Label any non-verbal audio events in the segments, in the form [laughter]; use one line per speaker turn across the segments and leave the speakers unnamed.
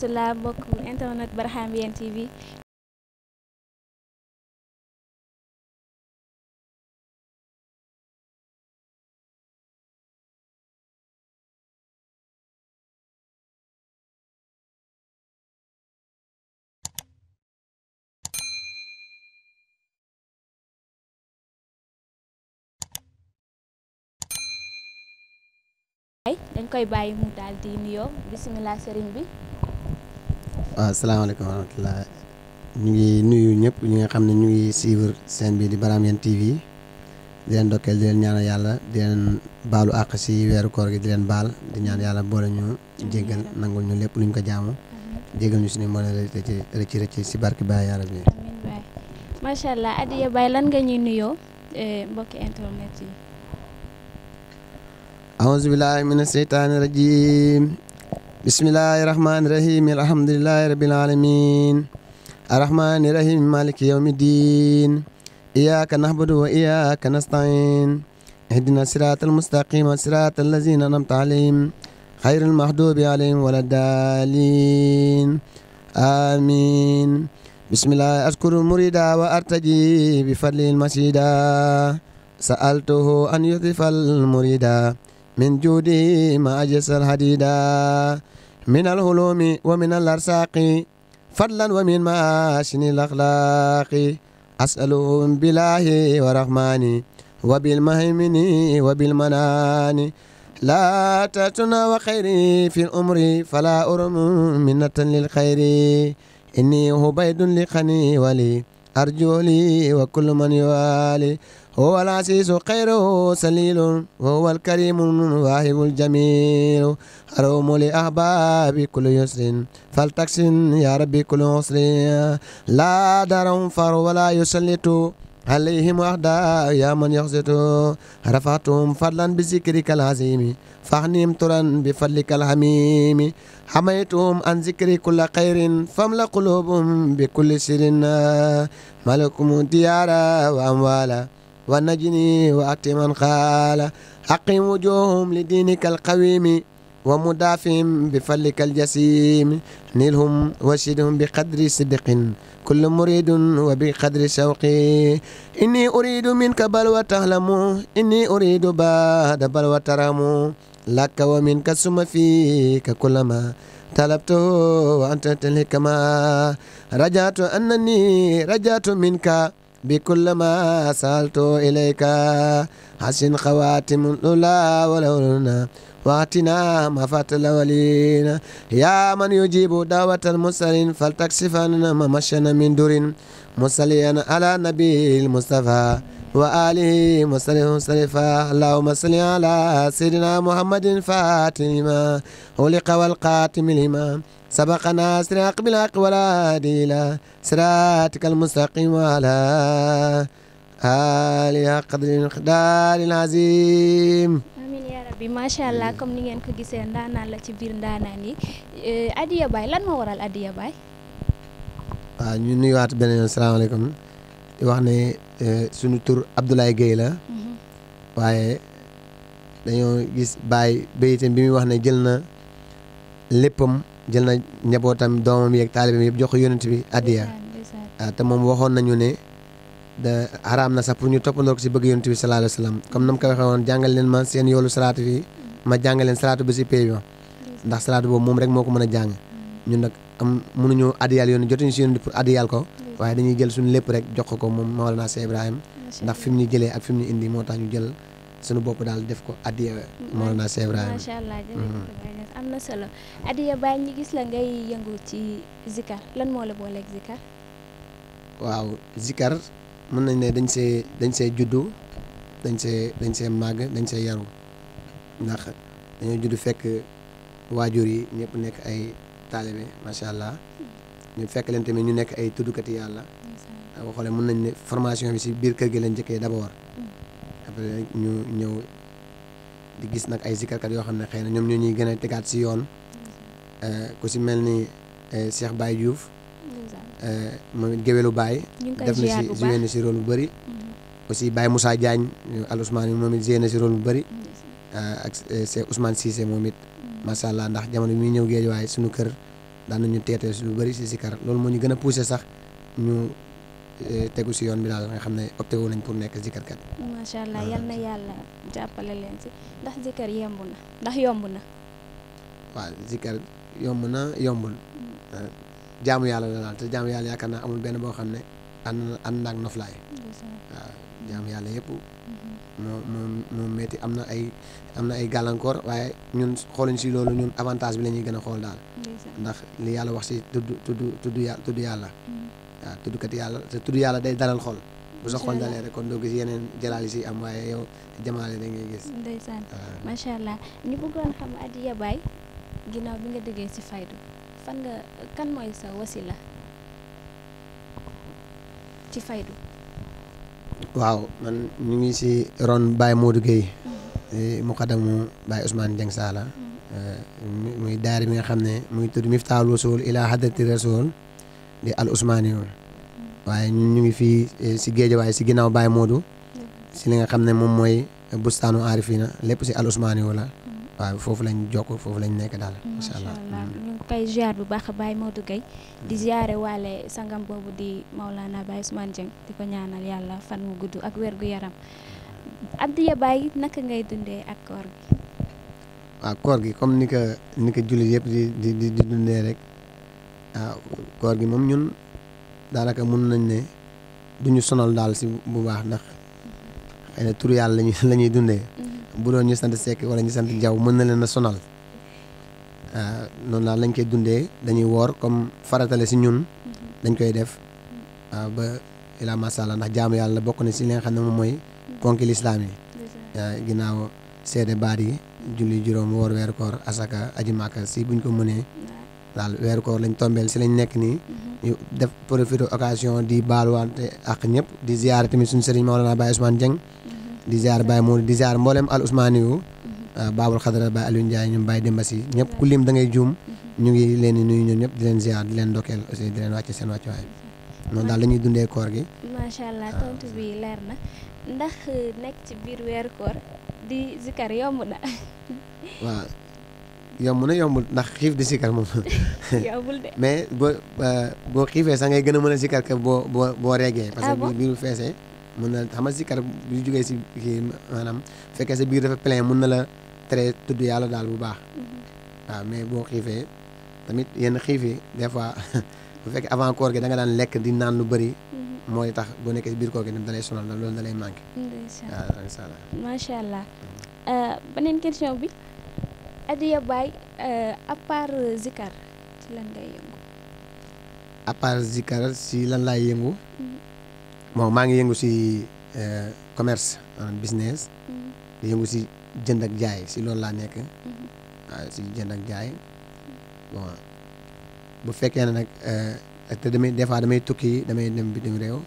rahmatullah mbokk internet
dañ koy bàyyi mu daal di nuyoo bisimilah sëriñ bi
waaw salaamaaleykum wa rahmatulah ñu ngi nuyu ñëpp ñu nga xam ne ñu ngi suivre seen bi di Baramyane TV di leen dokkeel di leen ñaanal yàlla di leen baalu àq si weeru koor gi di leen baal di ñaan yàlla boole ñu jéggal nangul ñu lépp luñ ko jaamu jéggal ñu suñu mbooleel rëcc rëcc si barki Baay yàlla bi.
macha allah Adiya Baye lan nga ñuy nuyoo eh, mbokki internet yi.
بسم الله الرحمن الرحيم الحمد لله رب العالمين الرحمن الرحيم مالك يوم الدين إياك نعبد وإياك نستعين اهدنا الصراط المستقيم صراط الذين أنعمت عليهم غير المحدوب عليهم ولا الضالين آمين بسم الله أشكر المريد وأرتجي بفضل المسجد سألته أن يضيف المريد من جودي ما أجس الحديدا من الهلوم ومن الأرساق فضلا ومن معاشن الأخلاق أسأله بالله ورحماني وبالمهيمن وبالمنان لا تتنا وخيري في الأمر فلا أرم منة للخير إني هو بيد لخني ولي أرجو لي وكل من يوالي هو العزيز خير سليل وهو الكريم الواهب الجميل حروم لأحباب كل يسر فلتكسن يا ربي كل عسر لا دار فر ولا يسلط عليهم أحدا يا من يخزط رفعتهم فضلا بذكرك العظيم فهنيم تران بفضلك الحميم حميتهم عن ذكر كل خير فاملا قلوبهم بكل سر ملكهم ديارا واموالا ونجني واتي من خالا حقهم وجوههم لدينك القويم ومدافهم بفلك الجسيم نلهم واشدهم بقدر صدق كل مريد وبقدر شوقي إني أريد منك بلوى تهلم إني أريد بعد بلوى ترم لك ومنك ثم فيك كلما طلبته وأنت تلكما رجعت أنني رجعت منك بكل ما سألت إليك حسن خواتم الأولى ولولنا واتنا مفات الأولين يا من يجيب دعوة المرسلين ما نعم ممشنا من دور مصليا على نبي المصطفى وآله مصلي مصطفى اللهم صل على سيدنا محمد فاتما لما والقاتم لما سبق ناصر أقبل أقوال ديلا صراطك المستقيم على aliha qadrin qadalin azim amin
yaa allah comme ni ngeen ko gisee ndaanaan la ci biir ndaanaan yi eh, Adiya Baye lan moo waral Adiya Baye
waaw ñu nuyuwaat beneen yoon salaamaaleykum di wax ne eh, sunu tur Abdoulaye Guèye la mhm. waaye dañoo gis Baye bayitam bi muy wax ne jël na léppam jël na njabootam doomam yeeg taalibeem yëpp jox ko yonent bi addiya ah, te moom waxoon nañu ne da haram na sax pour ñu top ndok ci bëgg yonent bi sallallahu alayhi wasallam comme nam ko waxe won jangal leen ma seen yoolu salatu fi ma jangal leen salatu ba ci pay bi ndax salatu bo mom rek moko mëna jang a jàng ñun nag am mënuñu adiyal yoon jotu ñu seen pour adiyal ko waye dañuy jël suñu lepp rek jox ko mom maulana Mawlana Ibrahim ndax fim ñu jëlé ak fim ñu indi moo tax ñu jël suñu bop dal def ko adiya maulana Cheikh Ibrahim macha allah jërëjëf
mm-hmm. solo adiya bàyyi ñi gis la ngay yëngu ci zikar lan mo la booleeg zikar
waaw zikar mën nañ ne dañ see dañ see juddu dañ see dañ see màgg dañ see yaru ndax dañoo juddu fekk waajur yi ñëpp nekk ay taalibe macha allah ñu fekk leen tamit ñu nekk ay tuddukati yàlla boo xoolee mën nañ ne formation bi si biir kër gi lañ njëkkee d'abord après ñu ñëw di gis nag ay zikarkat yoo xam ne xëy na ñoom ñoo ñuy gën a tegaat si yoon eh, ku si mel ni eh, Cheikh Baye Diouf Eh, moom it géwélu Baye. def na si joué na si rôle bu bëri. Mm-hmm. aussi Baye Moussa Diagne al Ousmane moom it joué na si rôle bu bari mm-hmm. eh, ak eh, c'est Ousmane Cissé moom it. Mm-hmm. macha allah ndax jamono bi muy ñëw géej waaye suñu kër daan ñu teetee si lu bari si si kar loolu moo ñu gën a poussé sax ñu tegu si yoon bi daal nga xam ne opté nañ pour nekk zikarkat.
macha allah yal na yàlla jàppale leen si ndax zikar yemb na ndax yomb na.
waaw zikar yomb na yombul. Mm. jaamu yàlla la daal te jaamu yàlla yaakaar naa amul benn boo xam ne ànd na ànd naag noflaay
waaw jaamu
yàlla yëpp moo moo moo am na ay am na ay gàllankoor waaye ñun xooluñ si loolu ñun avantage bi la ñuy gën a xool daal ndax li yàlla wax si tudd tudd tudd yàlla tudd yàlla waaw tuddkat yàlla te tudd yàlla day dalal xol bu sa xol dalee rek kon doo gis yeneen jalaal yi si am waaye yow jamaale da ngay gis ndeysaan
allah ñu bëggoon xam Adiya Baye ginnaaw bi nga déggee si faydu fan nga kan mooy sa wasila ci faydu
waaw man ñu ngi si ron Baye Modou Gueye mm-hmm. eh, muqaddamu Baye Ousmane Dieng Sala mm-hmm. eh, muy daari bi nga xam ne muy tudd Miftahul Wusul ila hadrati rasul di al Ousmane yoon mm-hmm. waaye ñun ñu ngi fii eh, si géej géejawaay si ginnaaw Baye Modou si li nga xam ne moom mooy bustaanu arifina lépp si al Ousmane yoon la waaw foofu lañu jokk foofu lañ nekk daal incha allah
koy ziar bu baax Baye Modou Gueye di ziare waale sangam boobu di Maulana Baye Ousmane Dieng di ko ñaanal fan mu gudd ak wér yaram addiya naka ngay dundee ak
koor gi. gi comme ni ko ni ko jullit yëpp di di di dundee rek waaw koor gi moom ñun daanaka mun nañ ne duñu sonal daal si bu baax ndax xëy na tur yàlla la ñuy dundee. Mm-hmm. bu doon ñu sant sekk wala ñu sant jaww mën na leen a sonal. Euh, noonu daal lañ koy dundee dañuy woor comme faratale si ñun mhm. dañ koy def euh, ba ilaa macha ndax jaamu yàlla bokk na si li xam ne moom mooy konki lislaam yi euh, ginnaaw seede baat yi julli juróom woor weeru koor asaka aji màkka si buñ ko mënee daal weeru koor lañ tombeel si lañ nekk nii mhm. ñu def profité occasion di baaluwaante ak ñëpp di ziar tamit suñu sëriñ Maolana Baye Ousmane Dieng mhm. di ziar Baye moo di ziar mboolem al Ousmane Euh, Baabul Xadra Baay Aliou ñu ñoom Baay Demba Si ñëpp ku lim dangay ngay juum mhm. ñu ngi leen di nuyu ñoom ñëpp di leen ziar di leen ndokkeel aussi di leen wàcce seen wàccuwaay noonu daal la ñuy dundee koor gi. macha allah ah.
tontu bi leer na ndax euh, nekk ci biir weeru koor di zikar yomb na.
[laughs]
waaw yomb na yombul ndax xiif di zikar moom. [laughs] yombul de [laughs] mais boo euh, boo xiifee sax ngay gën a mën a boo boo boo reggee. Ah parce que biir bu feesee. mun na xam nga si kar bu jógee si kii maanaam fekkee sa biir dafa plein mun na la tere tudd yàlla daal bu baax waaw mais boo xiifee tamit yenn xiif yi des fois [laughs] bu fekkee avant koor gi da daan lekk di naan lu bëri mhm. mooy tax boo nekkee si biir koor gi da lay sonal loolu da lay manqué
waaw incha allah macha mm. allah euh, beneen question bi Adiya Baye euh, à part zikar ci lan ngay yëngu
à zikar si lan laay yëngu mhm. bon maa ngi yëngu si euh, commerce en business. Mm-hmm. di yëngu si jënd ak jaay si loolu laa nekk. Mm-hmm. waaw si jënd ak jaay bon bu fekkee ne nag euh, te damay des fois damay tukki damay dem bitim réew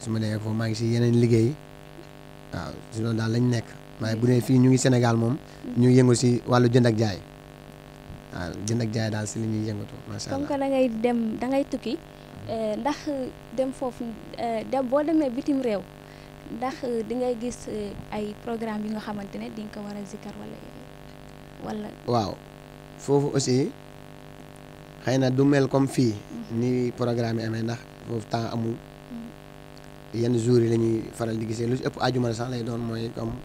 su ma nee maa ngi si yeneen liggéey waaw si loolu daal lañ nekk waaye bu ne fii ñu ngi senegal moom. Mm-hmm. ñu yëngu si wàllu jënd ak jaay waaw jënd ak jaay daal si li ñuy yëngatu macha allah.
comme dem da tukki. Eh, ndax dem foofu eh, dem boo demee bitim réew ndax di ngay gis eh, ay programme yi nga xamante ne di nga ko war a zikkar wala
waaw foofu aussi xëy na du mel comme fii. ni programme yi amee ndax foofu temps amul.
Mm-hmm.
yenn jours yi la ñuy faral di gisee lu ci ëpp àjjuma la sax lay doon mooy comme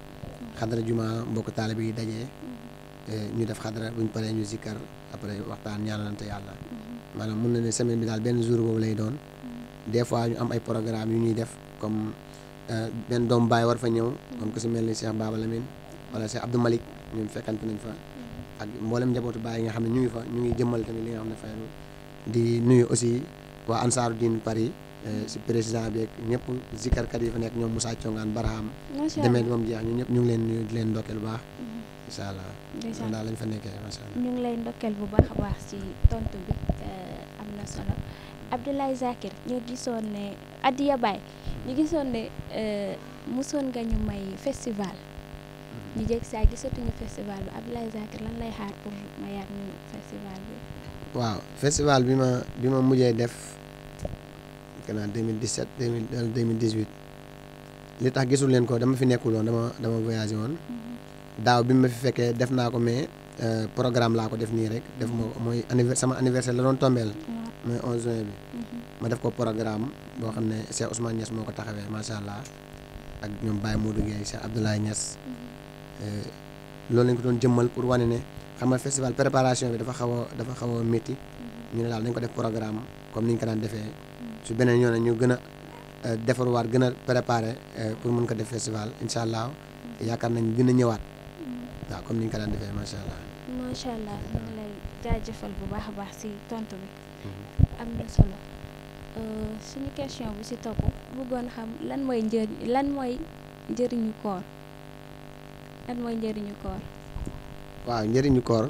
xadara juma mbokk taalibe yi dajee mm-hmm. ñu def xadara ñu paree ñu zikkar après waxtaan ñaanalante yàlla. Mm-hmm. maanaam mun na ne semaine bi daal benn jour boobu lay doon des fois ñu am ay programme yu ñuy def comme euh, benn doom baay war fa ñëw comme ku si mel ni Cheikh Baba Lamine wala Cheikh Abdou Malick ñun fekkante fa ak mboolem njabootu baay yi nga xam ne ñu ngi fa ñu ngi jëmmal tamit li xam ne fay di nuyu aussi waa Ansaaru Diin Paris euh, si président bi ak ñëpp zikarkat yi fa nekk ñoom Moussa Thiongaan Barham demee moom jeex ñu ñëpp ñu ngi leen nuyu di leen ndokkeel bu baax mm-hmm. incha allah daal lañ fa nekkee macha ñu
ngi lay ndokkeel bu baax a baax si tontu bi solo Abdoulaye Zakir ñu gisoon ne Adiya Baye ñu gisoon ne euh, musoon nga ñu may festival ñu jég saa gisatuñu festival bi Abdoulaye Zakir lan lay xaar pour mayaat ñu festival bi
waaw festival bi ma mujjee def li tax gisul leen ko dama fi nekkul woon dama dama voyagé woon mm-hmm. daaw bi ma fi fekkee def naa ko mais euh, programme laa ko def nii rek def moo mooy anniversaire sama anniversaire la doon tombeel mm-hmm. mooy 11 juin bi. Mhm. ma def ko programme boo xam ne Cheikh Ousmane Niass moo ko taxawee macha allah ak ñoom Baye Modou Gueye Cheikh Abdoulaye Niass. Mhm. Euh, loolu lañ ko doon jëmmal pour wane ne xam nga festival préparation bi dafa xaw dafa xaw a métti. Mhm. ñu ne daal nañ ko def programme comme ni ñu ko daan defee. su beneen yoon ñu gën a euh, defarwaat gën a préparer euh, pour mun ko def festival incha allah yaakaar nañ dina ñëwaat waaw comme ni ñu ko daan defee macha allah.
macha allah Mm-hmm. am na solo euh, suñu question bu si topp bëggoon xam lan mooy njëriñ lan mooy njëriñu koor lan mooy njëriñu koor
waaw njëriñu koor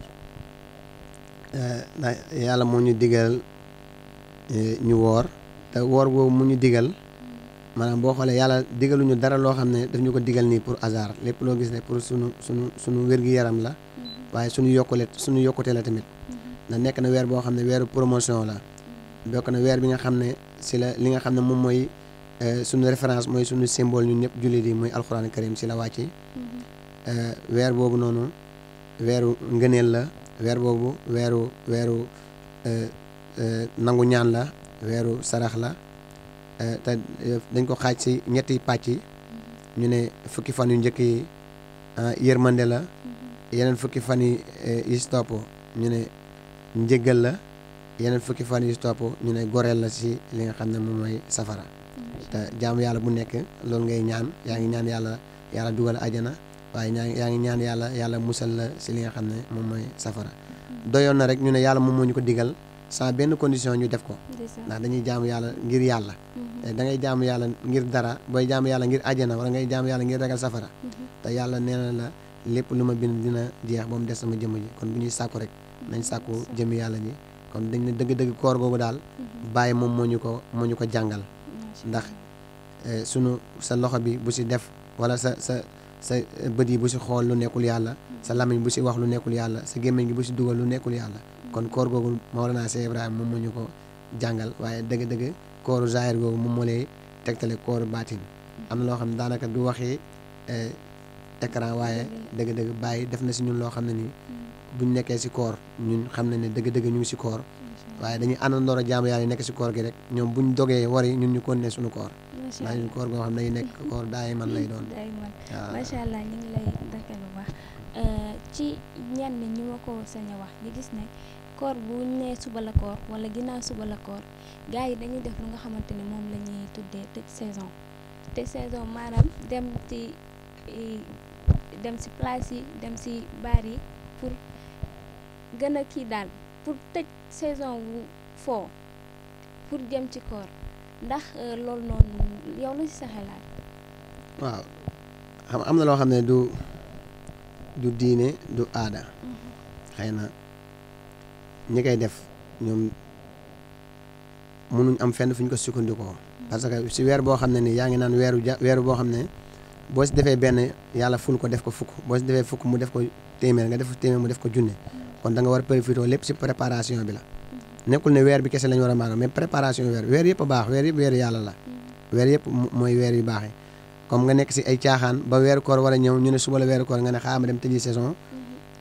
euh, yàlla moo ñu digal euh, ñu woor te woor boobu mu ñu digal mm-hmm. maanaam boo xoolee yàlla digaluñu dara loo xam ne daf ñu ko digal nii pour hasard lépp loo gis ne pour suñu suñu suñu wér-gi-yaram la mm-hmm. waaye suñu yokkule suñu yokkutee la tamit na nekk na weer boo xam ne weeru promotion la bokk na weer bi nga xam ne si la li nga xam ne moom mooy euh, suñu référence mooy suñu symbole ñun ñëpp jullit yi mooy alxuraan karim si la wàcce mm-hmm. euh, weer boobu noonu weeru ngëneel la weer boobu weeru weeru euh, nangu ñaan la weeru sarax la te dañ ko xaaj si ñetti pàcc yi mm-hmm. ñu ne fukki fan yu njëkk yi ah, yërmande la mm-hmm. yeneen fukki fan yi yi si ñu ne njëgal la yeneen fukki fan yu si ñu ne goreel la si li nga xam ne moom mooy safara te jaamu yàlla bu nekk loolu ngay ñaan yaa ngi ñaan yàlla yàlla dugal ajana waaye ñaa yaa ngi ñaan yàlla yàlla musal la si li nga xam ne moom mooy safara doyoon na rek ñu ne yàlla moom mooñu ko digal sans benn condition ñu def ko ndax dañuy jaamu yàlla ngir yàlla mhm. da ngay jaamu yàlla ngir dara booy jaamu yàlla ngir ajana wala ngay jaamu yàlla ngir ragal safara mhm. te yàlla nee na la lépp lu ma bind dina jeex ba mu sama jëmm ji kon bu ñuy sàkku rek nañ sàkku jëmm yàlla ñi kon dañ ne dëgg-dëgg koor googu daal mhm. bàyyi moom moo ñu ko moo ñu ko jàngal ndax eh, sunu sa loxo bi bu si def wala sa sa sa bët yi bu si xool lu nekkul yàlla sa mhm. lamiñ bu si wax lu nekkul yàlla sa gémmiñ gi bu si dugal lu nekkul yàlla mhm. kon koor googu Mawlana Cheikh Ibrahima moom moo ñu ko jàngal waaye dëgg-dëgg kooru zahir googu moom moo lay tegtale kooru baatin am na loo xam ne daanaka du waxi eh, écran waaye dëgg-dëgg bàyyi def na si ñun loo xam ne nii bu ñu nekkee si koor ñun xam nañ ne dëgg-dëgg ñu ngi si koor waaye dañuy àndandoor a jaamu yàlla yi nekk si koor gi rek ñoom buñ dogee wari ñun ñu kon ne sunu koor daa ñun koor goo xam ne nekk koor daay man lay doon [laughs] waaw macha
allah ñu ngi lay euh, ci ñenn ñi ma ko sañ a wax ñu gis ne koor bu nee suba la koor wala ginnaaw suba la koor gars yi dañuy def lu nga xamante ni moom la ñuy tuddee tëj saison tëj saison maanaam dem ci dem si place yi dem si baar yi pour gën a kii daal pour tëj saison wu foo pour jëm ci koor ndax euh, loolu noonu yow la ci sa xalaat
waaw xam am na loo xam ne du du diine du aada mm-hmm. xay na ñi koy def ñoom mënuñ am fenn fu ñu ko sukkandikoo mm-hmm. parce que si weer boo xam ne ni yaa ngi naan weeru ja weeru boo xam ne boo si defee benn yàlla ful ko def ko fukk boo si defee fukk mu def ko téeméer nga def téeméer mu def ko junne kon danga war a profité lépp si préparation bi la nekkul ne weer bi kese lañ war a màggal mais préparation weer weer yëpp baax weer yëpp weer yàlla la weer yëpp mooy weer yu baaxee comme nga nekk si ay caaxaan ba weer koor war a ñëw ñu ne suba la weeru koor nga ne xaaral ma dem tëji saison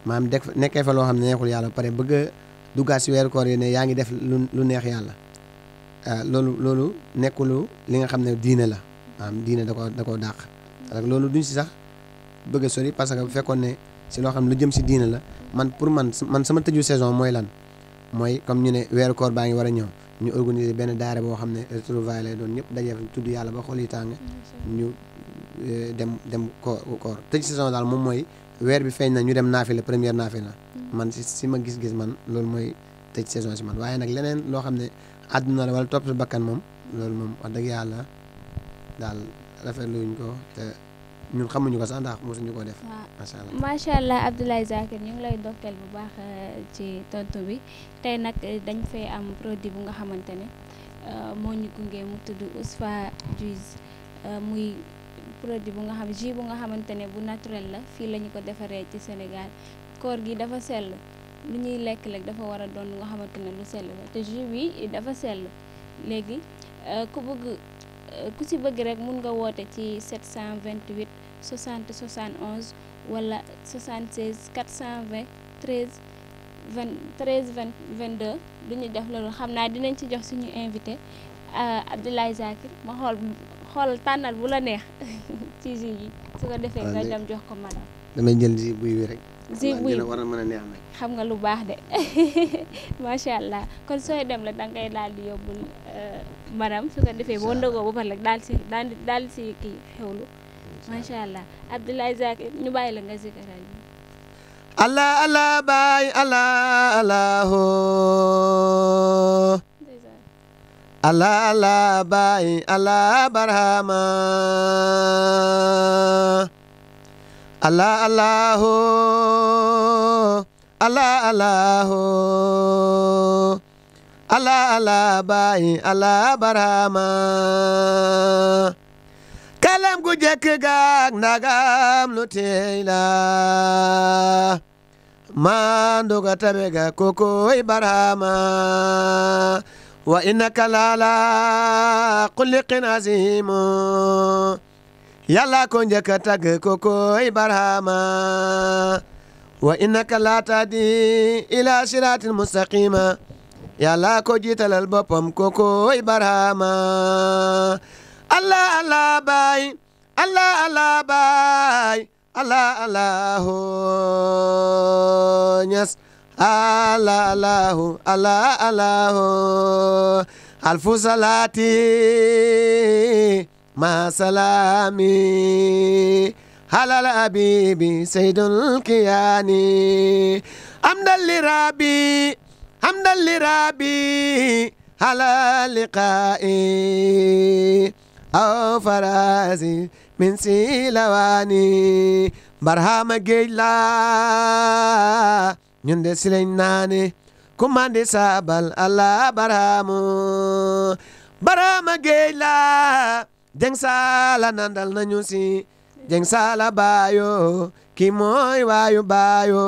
maam def nekkee fa loo xam ne neexul yàlla pare bëgg a duggaat si weeru koor yi ne yaa ngi def lu lu neex yàlla ah, loolu loolu nekkulu li nga xam ne diine la maam da ko da koo dàq loolu duñ si sax bëgg a sori parce que bu fekkoon ne si loo xam lu jëm si diine la man pour man man sama tëju saison mooy lan mooy comme ñu ne weeru koor baa ngi war a ñëw ñu organiser benn daara boo xam ne retrouvailles lay doon ñëpp dajee fa tudd yàlla ba xool yi tàng ñu eh, dem dem koor koor tëj saison daal moom mooy weer bi feeñ na ñu dem naafi la première naafi la man si si ma gis-gis man loolu mooy tëj saison si man waaye nag leneen loo xam ne àdduna la wala topp sa bakkan moom loolu moom wax dëgg yàlla daal rafetluñ ko ñun xamuñu ko sax ndax mosuñu ko def. macha allah macha
allah Abdoulaye Zakir ñu ngi lay dokkeel bu baax euh, ci tontu bi tey nag euh, dañ fay am produit bu nga xamante ne euh, moo ñu gunge mu tudd Ousfa Juice muy produit bu nga xam jus bu nga xamante ne bu naturel la fii la ñu ko defaree ci Sénégal koor gi dafa sell lu ñuy lekk lekk dafa war a doon lu nga xamante ne lu sell la te jus bi dafa sell léegi ku bëgg ku si bëgg rek mun nga woote ci 728. 60 71 wala 76 420 13 20 13 20 22 du ñu def loolu xam naa dinañ ci jox suñu invité euh, Abdoulaye Zakir ma xool xool tànnal bu la neex [laughs] ci jus yi su ko defee nga dem jox ko madame.
damay jël ji buy wi rek. ji buy war a mën
xam nga lu baax de [laughs] macha allah kon sooy dem la da ngay daal di yóbbul euh, madame su ko defee boo ndogoo ba pare rek daal si daal di daal si kii xewlu. macha allah Abdoulaye Zakir ñu bàyyi la nga zikaral
allah allah baay allah allah allah allah allah barhama allah allah allah allah allah kalam gu jëkk gaag nagam lu teey la maandu ga tabe ga kokoy barama wa innaka laala xulliqin azimu yàlla ko njëkk a tagg kokoy barama wa innaka laa tahdi ila siraatin mustaqima yàlla ko jiitalal boppam kokoy barama الله الله باي الله الله باي الله الله يس الله الله الله الله ألف صلاتي مع سلامي على الحبيب سيد الكياني حمدا لربي حمدا لربي على لقائي aw farasi min silawani barhama géej la ñun de si lañ naane saabal allah barhamu barhama géej la jeng sala nandal nañu si jeng sala bayo ki mooy waayu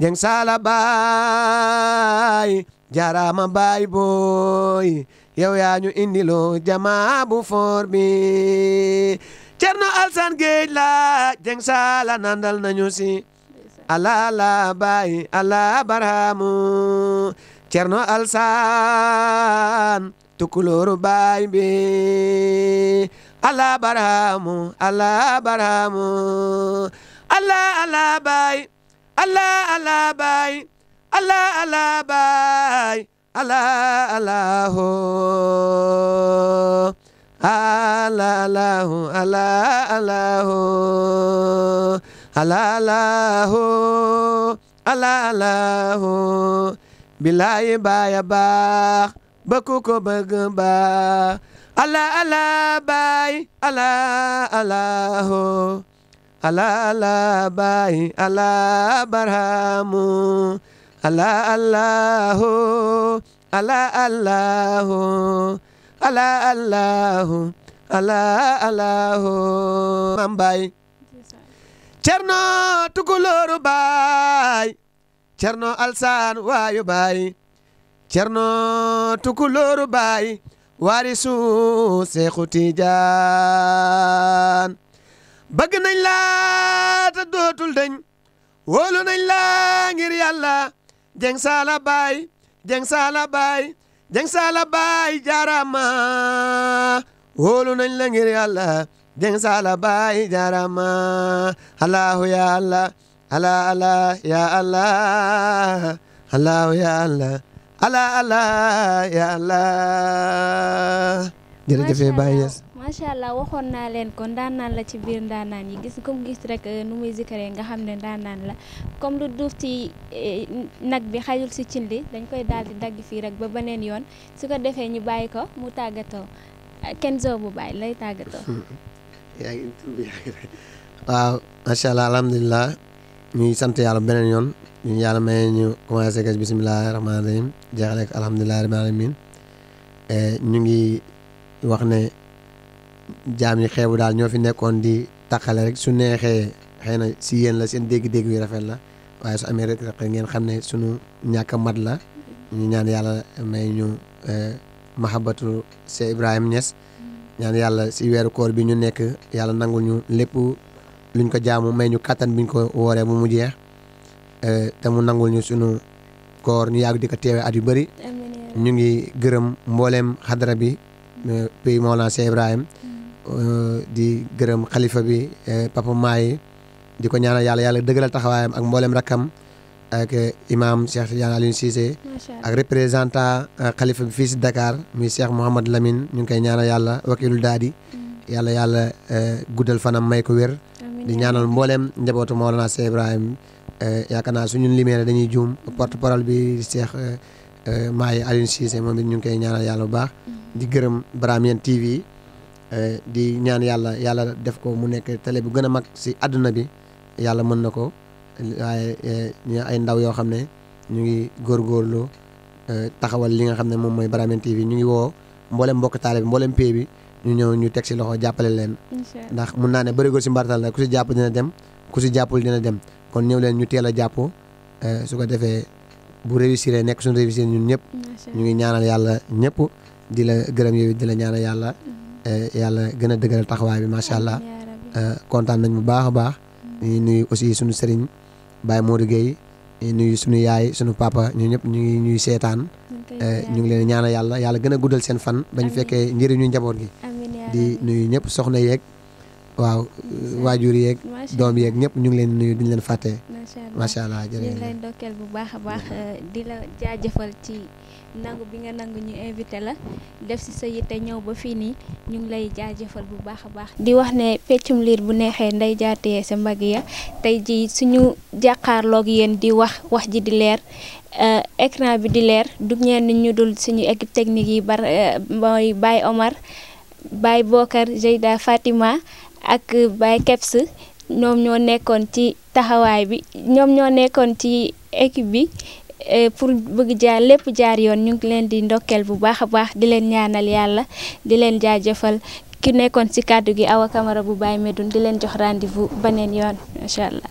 jeng sala bay jarama bay boy yow yaa ñu indiloo jamaa bu foor bi Cerno Alsan Géej la jeng saala nandal nañu si ala la baay ala barhamu Cerno Alsan tukulóoru baay bi ala barhamu ala barhamu ala ala baay ala ala baay ala ala baay Allah Allahu Allah Allahu Allah Allahu Allah Allahu Allah baaya baax ba ku ko bëgg baax Allah Allah baay Allah Allahu Allah Allah baay Allah Allah Allah Allah Allah Allah Allah Allah Maam Baay Cerno Tukulóoru Baay Cerno Alsaan waayu Baay Cerno Tukulóoru Baay waarisu Seexu Tijaan bëgg nañ la ta dootul dañ wóolu nañ la ngir Yàlla jeng saala baay jeng saala baay jeng saala baay jaarama nañ la ngir yàlla jeng saala baay jaarama allahu ya allah ala ala allah allahu ya allah ala ala allah jërëjëf Baay Ñas macha allah waxoon
naa leen ko ndaanaan la ci biir ndaanaan yi gis comme gis rek eh, nu muy zikaree nga xam ne ndaanaan la comme lu duuf ci eh, nag bi xajul si cin li dañ koy daal di dagg fii rek ba beneen yoon su ko defee ñu bàyyi ko mu tàggatoo kenn Kenzo bu bàyyi lay tàggatoo.
[laughs] waaw macha allah alhamdulilah ñuy sant yàlla beneen yoon ñu yàlla may ñu commencé ak bisimilah rahmaani rahim jeexale ak alhamdulilah rabbil alamin eh, ñu ngi wax ne. jaam yi xeebu daal ñoo fi nekkoon di takale rek su neexee xëy na si yéen la seen dégg-dégg yu rafet la waaye su amee rek rek ngeen xam ne sunu ñàkk mat la ñu ñaan yàlla may ñu eh, mahabatu se Ibrahim Niass ñaan yàlla si weeru koor bi ñu nekk yàlla nangul ñu lépp luñ ko jaamu may ñu kàttan biñ ko wooree bu mu jeex eh, te mu nangul ñu sunu koor ñu yàgg di ko teewee at yu bëri ñu ngi gërëm mbooleem xadara bi eh, pays Mawlana se Ibrahim Eh, di gërëm khalifa bi eh, papa may di ko ñaanal yalla yalla dëgëral taxawayam ak mboolem rakam ak eh, imam Cheikh Tidiane Alioune Cissé ak représentant khalifa bi fils Dakar mi Cheikh mohammed Lamine ñu ngi koy ñaanal yalla wakilul dadi mm. yalla yalla guddal fanam may ko wër di ñaanal mbooleem njabootu Mawlana Cheikh Ibrahim yaakaar naa suñu limee dañuy joom mm. porte parole bi Cheikh Maay Alioune Cissé mom ñu ngi koy ñaanal yalla bu baax mm. di gërëm bramien TV Eh, di ñaan yàlla yàlla def ko mu nekk télé bu gën a mag si àdduna bi yàlla mën na ko waaye eh, ñu ay ndaw yoo xam ne ñu ngi góor góorgóorlu eh, taxawal li nga xam ne moom mooy Baramene TV ñu ngi woo mboolem mbokk taale bi mboolem pay bi ñu ñëw ñu teg si loxo jàppale leen. ndax mun naa ne bërigo si mbartal la ku si jàpp dina dem ku si jàppul dina dem kon ñëw leen ñu teel a jàpp su ko defee bu réussir nekk suñu réussir ñun ñëpp. ñu ngi ñaanal yàlla ñëpp di la gërëm yow di la yàlla. Mm. Eh, yàlla gën a dëgëral taxawaay bi macha allah eh, kontaan nañ bu baax a baax. ñu nuyu aussi suñu sëriñ Baye moo Gueye ñu nuyu suñu yaay suñu papa ñu ñëpp ñu ngi ñuy seetaan. ñu ngi eh, leen ñaanal yàlla yàlla gën a guddal seen fan. bañ fekkee njëriñu njaboot gi. di nuyu ñëpp soxna yeeg. waaw waajur yeeg doom yeeg ñëpp ñu ngi leen nuyu duñ leen fàtte macha allah jërëjëf leen
dokkeel bu baax a baax di la jaajëfal ci nangu bi nga nangu ñu invité la def si sa yitte ñëw ba fii nii ñu ngi lay jaajëfal bu baax a baax. di wax ne peccum liir bu neexee nday jaatee sa mbagg ya tey jii suñu jàkkaarloog yéen di wax wax ji di leer eh, écran bi di leer du ñenn ñu dul suñu équipe technique yi bar eh, mooy Baye Omar Baye Bokar Jeyda Fatima ak Baye Keps ñoom ñoo nekkoon ci taxawaay bi ñoom ñoo nekkoon ci équipe bi. Eh, pour bëgg jaar lépp jaar yoon ñu ngi leen di ndokkeel bu baax a baax di leen ñaanal yàlla di leen jëfal ki nekkoon ci kàddu gi Awa Camara bu Baye Medoune di leen jox rendez ba beneen yoon incha allah.